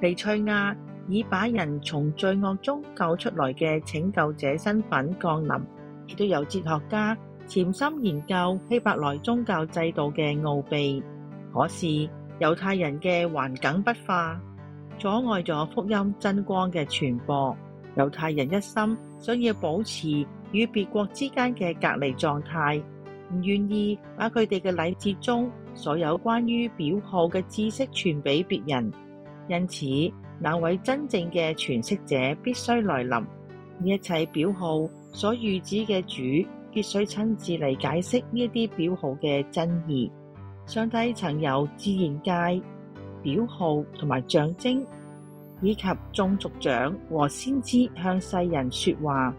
彌賽亞以把人從罪惡中救出來嘅拯救者身份降臨，亦都有哲學家潛心研究希伯來宗教制度嘅奧秘。可是猶太人嘅環境不化，阻礙咗福音真光嘅傳播。猶太人一心想要保持與別國之間嘅隔離狀態，唔願意把佢哋嘅禮節中所有關於表號嘅知識傳俾別人。因此，那位真正嘅詮釋者必須來臨，一切表號所預指嘅主，必須親自嚟解釋呢一啲表號嘅真義。上帝曾有自然界表號同埋象徵，以及眾族長和先知向世人說話。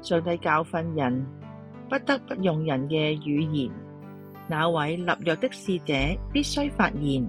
上帝教訓人，不得不用人嘅語言。那位立約的使者必須發言。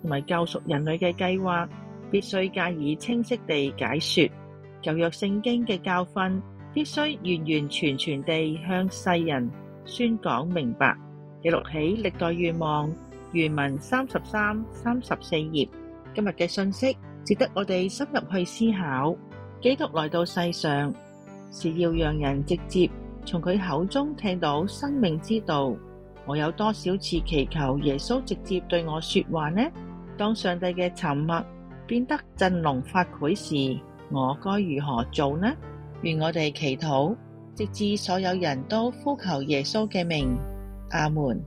同埋救贖人類嘅計劃，必須加以清晰地解說；舊約聖經嘅教訓，必須完完全全地向世人宣講明白。記錄起歷代願望，原文三十三、三十四頁。今日嘅信息值得我哋深入去思考。基督來到世上，是要讓人直接從佢口中聽到生命之道。我有多少次祈求耶穌直接對我說話呢？當上帝嘅沉默變得震聾發聵時，我該如何做呢？願我哋祈禱，直至所有人都呼求耶穌嘅名。阿門。